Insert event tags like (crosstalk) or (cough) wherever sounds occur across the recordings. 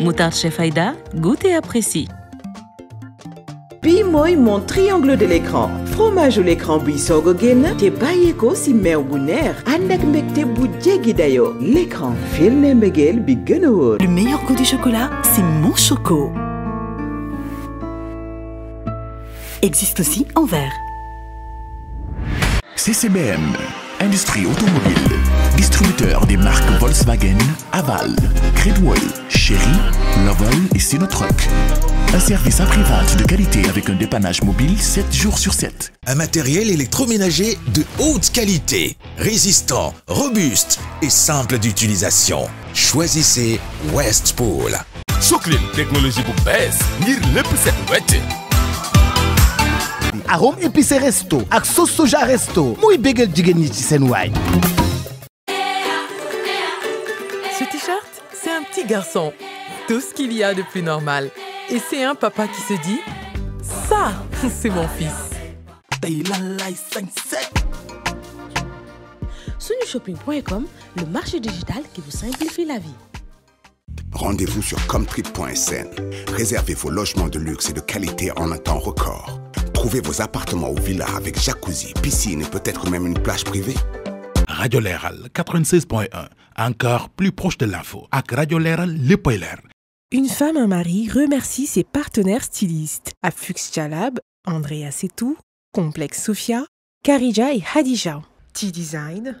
Moutarde Chef Aïda, goûte et apprécie. moi, mon triangle de l'écran fromage ou l'écran buy T'es si te bàyyeekoo bonheur. meew bu neex ànd l'écran Filme Megel bi Le meilleur goût du chocolat, c'est mon choco. Existe aussi en verre. CCBM, industrie automobile, distributeur des marques Volkswagen, Aval, Credwell, Chérie, Lovell et Sinotroc. Un service à private de qualité avec un dépannage mobile 7 jours sur 7. Un matériel électroménager de haute qualité, résistant, robuste et simple d'utilisation. Choisissez Westpool. Soklin, technologie pour baisse, le plus arôme resto sauce soja resto Moui Les garçons, tout ce qu'il y a de plus normal. Et c'est un papa qui se dit Ça, (laughs) c'est mon fils. Sunushopping.com, le marché digital qui vous simplifie la vie. Rendez-vous sur comtrip.sn. Réservez vos logements de luxe et de qualité en un temps record. Trouvez vos appartements ou villas avec jacuzzi, piscine et peut-être même une plage privée. Radio 96.1 encore plus proche de l'info Avec Radio Le le Une femme, un mari remercie ses partenaires stylistes Afux Chalab, Andrea Setou, Complex Sofia, Karija et Hadija. T-Design,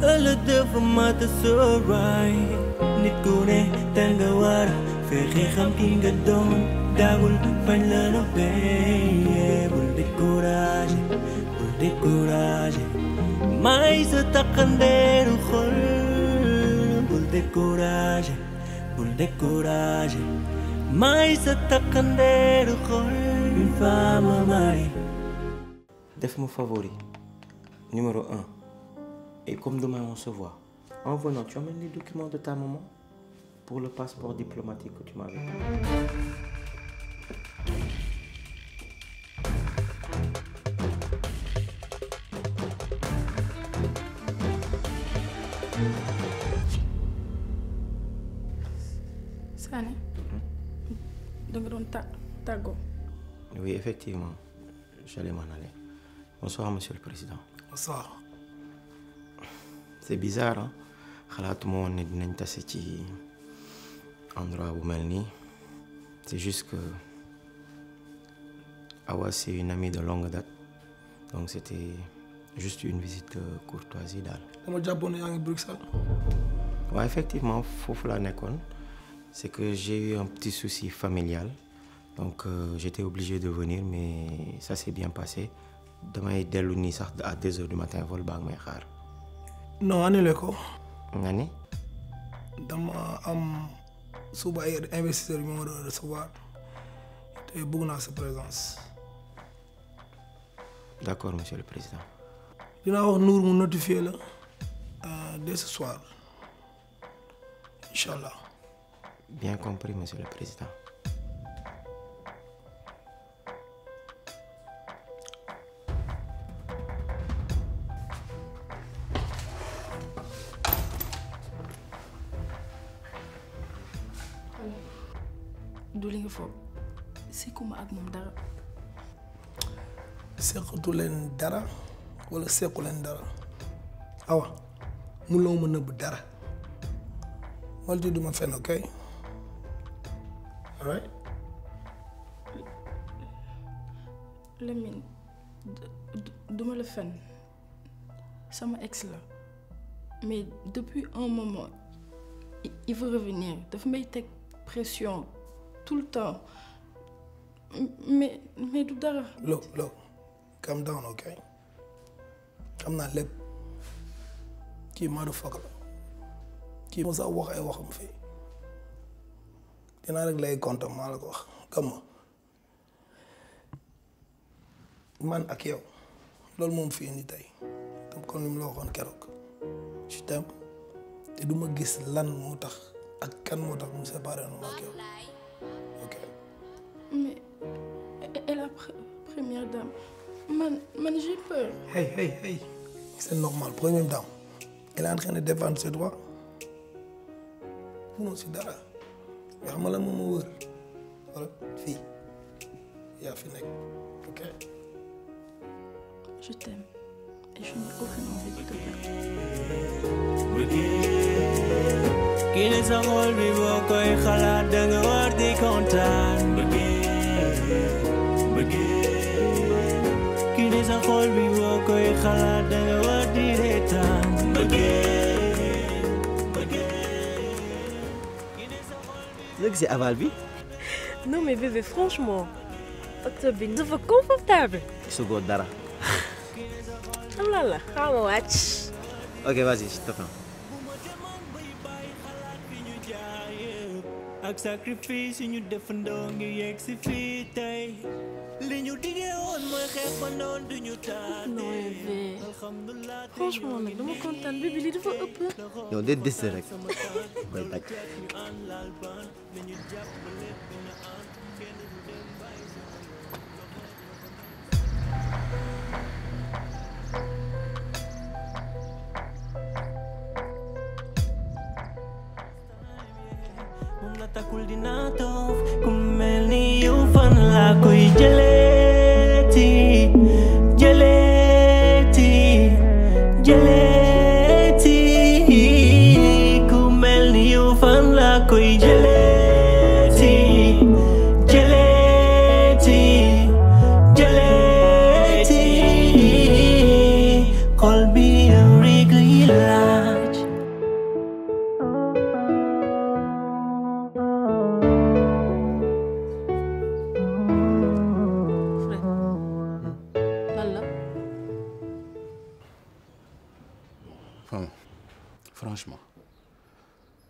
Ëllëdë vëmatë sëraj so kune të nga warë Fërë Don ki nga donë Dagul Bul de courage, Bul de courage Mais a të kënderu Bul Bull de courage, Bul de courage Mais a të kënderu khëllë Une femme mai Def mon favori Numéro 1 et comme demain on se voit, en venant, tu amènes les documents de ta maman pour le passeport diplomatique que tu m'avais donné. Hmm? Oui, effectivement, j'allais m'en aller. Bonsoir, Monsieur le Président. Bonsoir c'est bizarre hein. Khalat dinañ endroit bu Melni. c'est juste que Awa c'est une amie de longue date donc c'était juste une visite euh, courtoisie daal. que tu à Bruxelles. Ouais, effectivement la c'est que j'ai eu un petit souci familial donc euh, j'étais obligé de venir mais ça s'est bien passé Demain, il y à 2h du matin vol baa ngi non annulé ko. nga ni. dama am suba ay investisseur yu ma recevoir te bëgg naa sa présence. D'accord monsieur le président. dinaa wax Nour mu notifié la euh, dès ce soir Inch'Allah..! bien compris monsieur le président. ak ou c'est seqatu dara wala sequ leen dara ne Je pas. nëbb dara Je ok alright. Lamine le la Je sama ex mais depuis un moment il veut revenir Il may teg pression tout le temps. mais mais du dara. Lo Lo calm down okay xam naa lépp kii Madou Fakk la kii mos a wax ay waxam fii dinaa rek lay compte maa la ko wax gëm ma man ak yow loolu moom fii ni tey tam kon li mu la waxoon keroog je t'aime te du ma gis lan moo tax ak kan moo tax mu séparé ma ak yow. Man, j'ai peur. Hey, hey, hey. C'est normal, une dame. Elle est en train de défendre ses droits. non, c'est dara. Je pas ce que Voilà, fille. y a fini. OK Je t'aime. Et je n'ai aucune envie de te perdre. Qui ne c'est aval non mais bébé franchement octobre bi dafa confortable bon, dara ah là là Je vais ma wàcc ok vas-y je prends..! ak sacrifice yu ñu defandoo ngir yegg si fii tey li ñu diggee woon mooy xeex ba noonu du ñu taatee alhamdulilah franchement nag dama kontaan bébé li dafa ëpp yow de dese rek koy daj takkul dina toof ku mel ni yow fan laa koy jëlee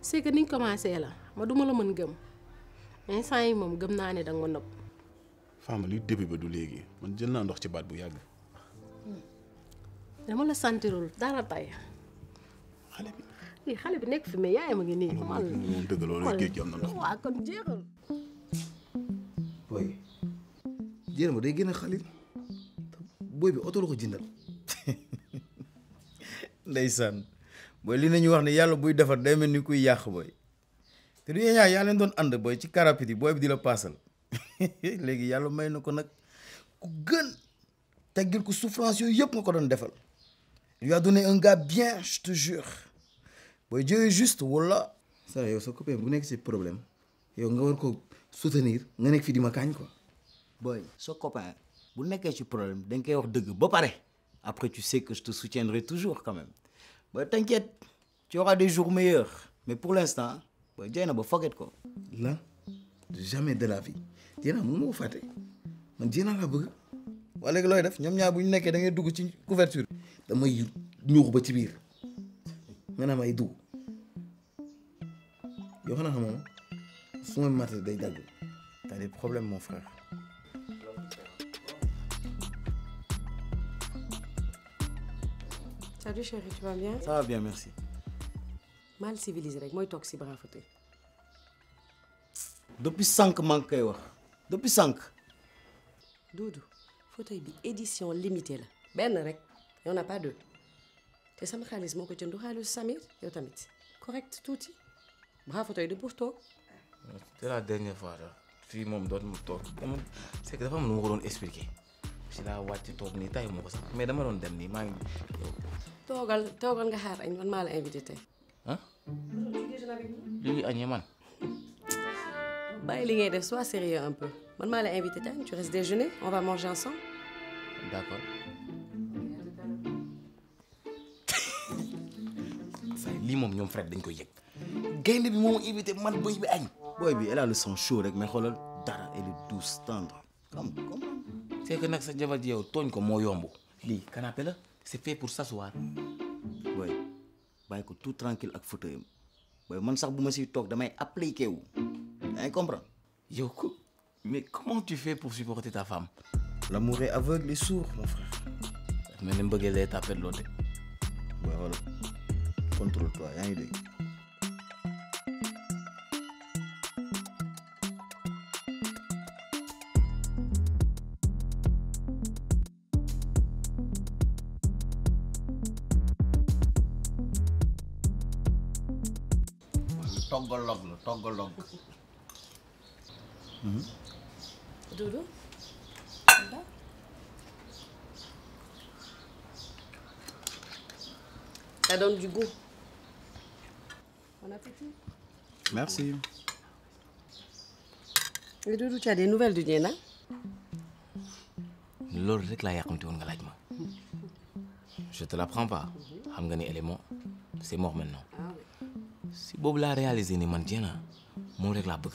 c'est que niñ commencé la ma duma la mën gëm instant yi mom gëm naa ne da nga nopp femme li début ba du léegi man jël naa ndox ci baat bu yàgg dama la sentirul dara tay xale bi li xale bi nekk fi mais yaay ma ngi nii mal dëgg loolu géej am na ndox waa kon jéexal boy jéer ma day gën a xalil boy bi oto la ko jëndal (laughs) ndeysaan booy li nañu wax ne yàlla buy defar day mel ni kuy yàq boy te du ñaa yaa leen doon ànd boy ci karapit yi booy bi di la paasal (laughs) léegi yàlla may na ko nag ku gën teggil ko souffrance yooyu yëpp nga ko doon defal lui a donné un gars bien je te jure boy Dieu juste wala sa yow sa copain bu nekk ci problème yow nga war ko soutenir nga nekk fi di ma kaañ quoi boy sa copain bu nekkee ci problème da nga koy wax dëgg ba pare après tu sais que je te soutiendrai toujours quand même bah, t'inquiète, tu auras des jours meilleurs. Mais pour l'instant, bah, ne pas forget quoi. jamais de la vie. Tu n'a pas faté. Man Dieu n'a pas besoin. Voilà que ñom da ngay dugg ci couverture damay ñuux ba ci biir Je Tu sais Je ne sais je suma maté day dag t'as des problèmes mon frère Salut chérie, tu vas bien Ça va bien, merci. mal civilisé rek Moi, il si bravo fauteuil. depuis 5 manques, ngi wax depuis 5. Doudou fauteuil bi édition limitée Ben, benn rek y en a pas deux te sama xaalis mon ko jëndu le Samir yow tamit correct touti. Bravo fauteuil de pour toog. c'est la dernière fois la fii moom dootuma toog dama c'est que dafa am lu ma ko expliquer si la voiture toog nii tàyyi ma ko sax mais dama doon dem nii tu es nga xaar man invité Hein? Tu es man. li sérieux un peu invité tu restes déjeuner on va manger ensemble. d'accord. Tu (laughs) li dañ koy invité elle a le son chaud mais elle est douce tendre comme comme. c'est que sa ji yow canapé c'est fait pour s'asseoir. Oui. Bah, tout tranquille avec fauteuil Oui, booy man sax bu je siy toog damay Tu mais comment tu fais pour supporter ta femme. l'amour est aveugle et sourd mon frère. mais ne mu pas lay tapé loolu l'autre. voilà. contrôle toi a une idée. Mm-hmm. Doudou Ça donne du goût. Bon appétit. Merci. Et Doudou, tu as des nouvelles de Diana loolu rek laa yàqamti woon nga laaj je te l'apprends pas Amgani nga ni élément c'est mort maintenant ah si Bob l'a réalisé ni man Diana Mon règle la bëgg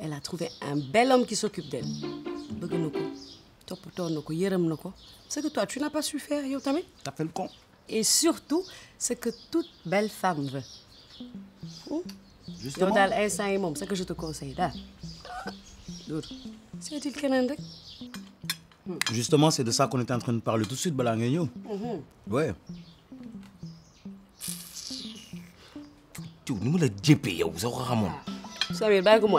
elle a trouvé un bel homme qui s'occupe d'elle. Ce que toi, tu n'as pas su faire, Yotami. T'as fait le con. Et surtout, ce que toute belle femme veut. Oh. Justement. C'est que je te conseille. C'est-il (laughs) Canada? Justement, c'est de ça qu'on était en train de parler tout de suite, Balangéno. Mmh. Ouais. Tu nous le DP, vous savez, Ramon. Vous savez, bah, comment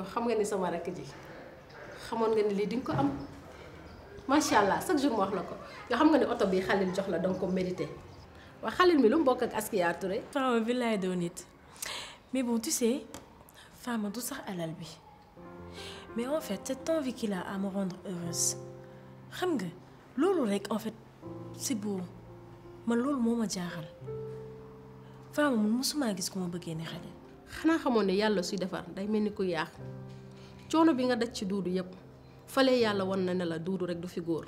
yow xam nga ni sama rakk ji xamone nga ni li ding ko am machallah chaque jour mo wax la ko nga xam nga ni auto bi Khalil jox la danga ko mérité waa Khalil mi lu mbok ak Askia Touré. Fama bi laay doon it mais bon tu sais Fama du sax alal bi mais en fait cette envie qu'il a à me rendre heureuse xam nga lolu rek en fait c'est beau man lolu moma ma jaaxal Fama man mosumaa gis ko ma bëggee ni Khalil. xanaa xamoon ne yàlla suy defar day mel ni ku yaax coono bi nga daj ci duudu yëpp fale yàlla wan na ne la duudu rek du fi góor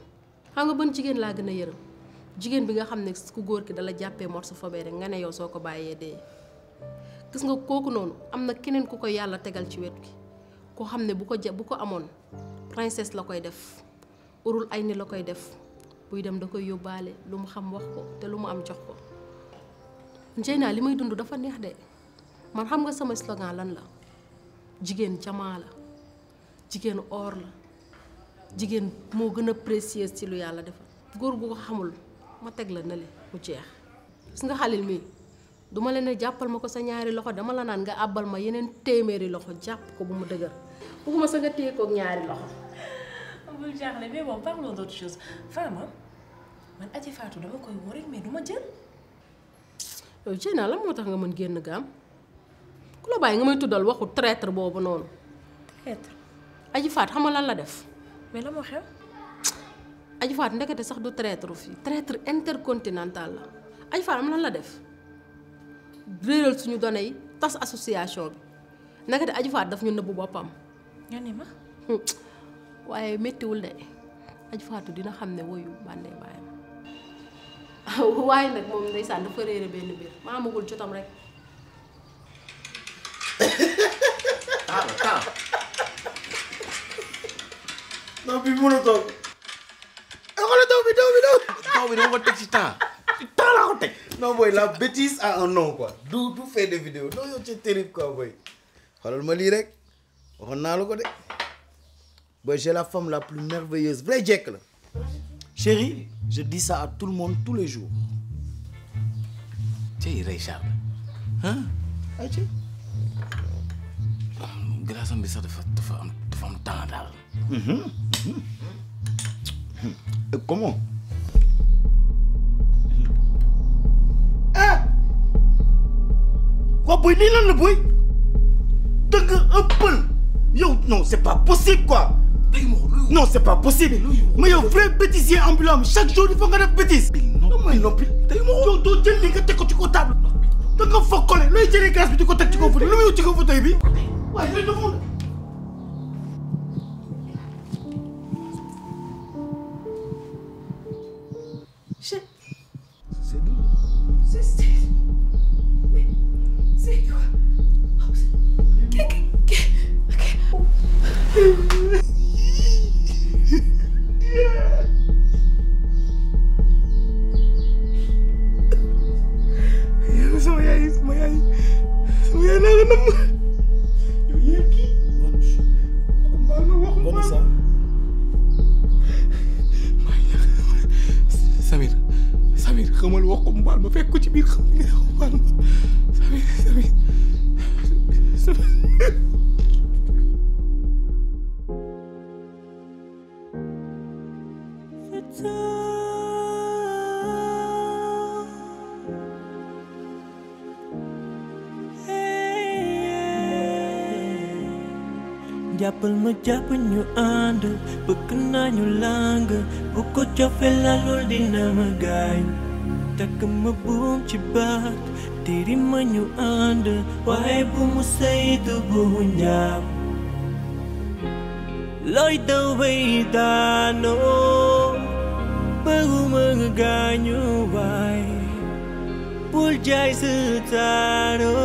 xam nga ban jigéen laa gën a yërëm jigéen bi nga xam ne ku góor ki dala jàppee morsophobie rek nga ne yow soo ko bàyyee dee gis nga kooku noonu am na keneen ku ko yàlla tegal ci wet gi koo xam ne bu ko ja bu ko amoon princesse la koy def urul ay ni la koy def buy dem da koy yóbbaale lu mu xam wax ko te lu mu am jox ko njëy naa li may dund dafa neex de man xam nga sama slogan lan la jigéen jamaa la jigéen or la jigéen moo gën a précieux ci lu yàlla defal góor gu ko xamul ma teg la ne le mu jeex gis nga xalil mii duma leen jàppal ma ko sa ñaari loxo dama la naan nga àbbal ma yeneen téeméeri loxo jàpp ko bu mu dëgër bugguma sa nga téye ñaari loxo. bul jaaxle mais bon parlons d'autre chose Fama man Aji Fatou dama koy wóor mais du ma jël. yow Dieng lan moo tax nga mën génn gaam. ku la bàyyi nga may tuddal waxu traitre boobu noonu. traître. Aji xam nga lan la def. mais la moo xew. Aji Faat sax du traître fii traître la Aji Faat am la def réeral suñu données yi tas association bi ndekete Aji Faat daf ñu nëbbu boppam. nga ne ma. (laughs) waaye méttiwul de Aji dina xam ne woyu bànnee baayam (laughs) nag moom ndeysaan dafa réere benn mbir maa jotam rek. Tama, tama. Non, bi Non, a toog. Ako la taw bi taw bi taw. Taw bi dama temps. Ci temps laa ko Non booy la bêtise a un nom quoi. Du du fait des vidéos non yow c'est terrible quoi booy. xoolal ma lii rek waxoon naa la ko de booy j'ai la femme la plus merveilleuse vraie jekk là. Chérie, je dis ça à tout le monde tous les jours. Cey Ray hein? ah glaçon bi sax de dafa am mhm. Mhm. comment. quoi eh! lan la boy dëgg ëppal yow non c'est pas possible quoi. non c'est pas possible mais un vrai bêtisier ambulant chaque jour il faut nga def bêtise. Tu Il yow doo jël li nga ko ci table da nga bi ci 我还中走路。mi comida punyu ¿Sabes? ¿Sabes? ¿Sabes? Japal majapanyo anda Pagkananyo langga buku siya felalol di nama takkan mabung cepat Diri menyu anda Wahai bumusay tubuhnya Loy taway tano Bago mga ganyo ay Puljay sa tano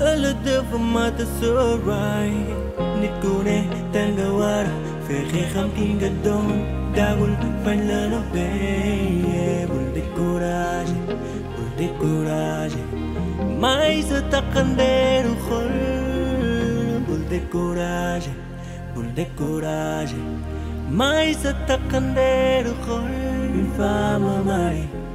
Alada pa mata soray Nit ko ne tangawara Ferre kham tinga don Dagul pan lalo bebo coragem, de coragem. Mais atacando o rol, de coragem, de coragem. Mais atacando o rol, fama mãe.